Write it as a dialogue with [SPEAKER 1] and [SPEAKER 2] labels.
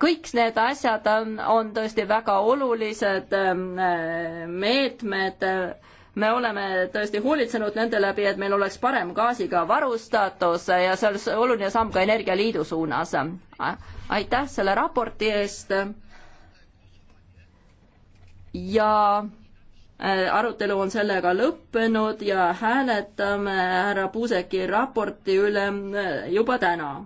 [SPEAKER 1] kõik need asjad on tõesti väga olulised ähm, äh, meetmed. me oleme tõesti hoolitsenud nende läbi, et meil oleks parem gaasiga varustatus ja see oleks oluline samm ka Energialiidu suunas. aitäh selle raporti eest. ja äh, arutelu on sellega lõppenud ja hääletame härra Puuseki raporti üle äh, juba täna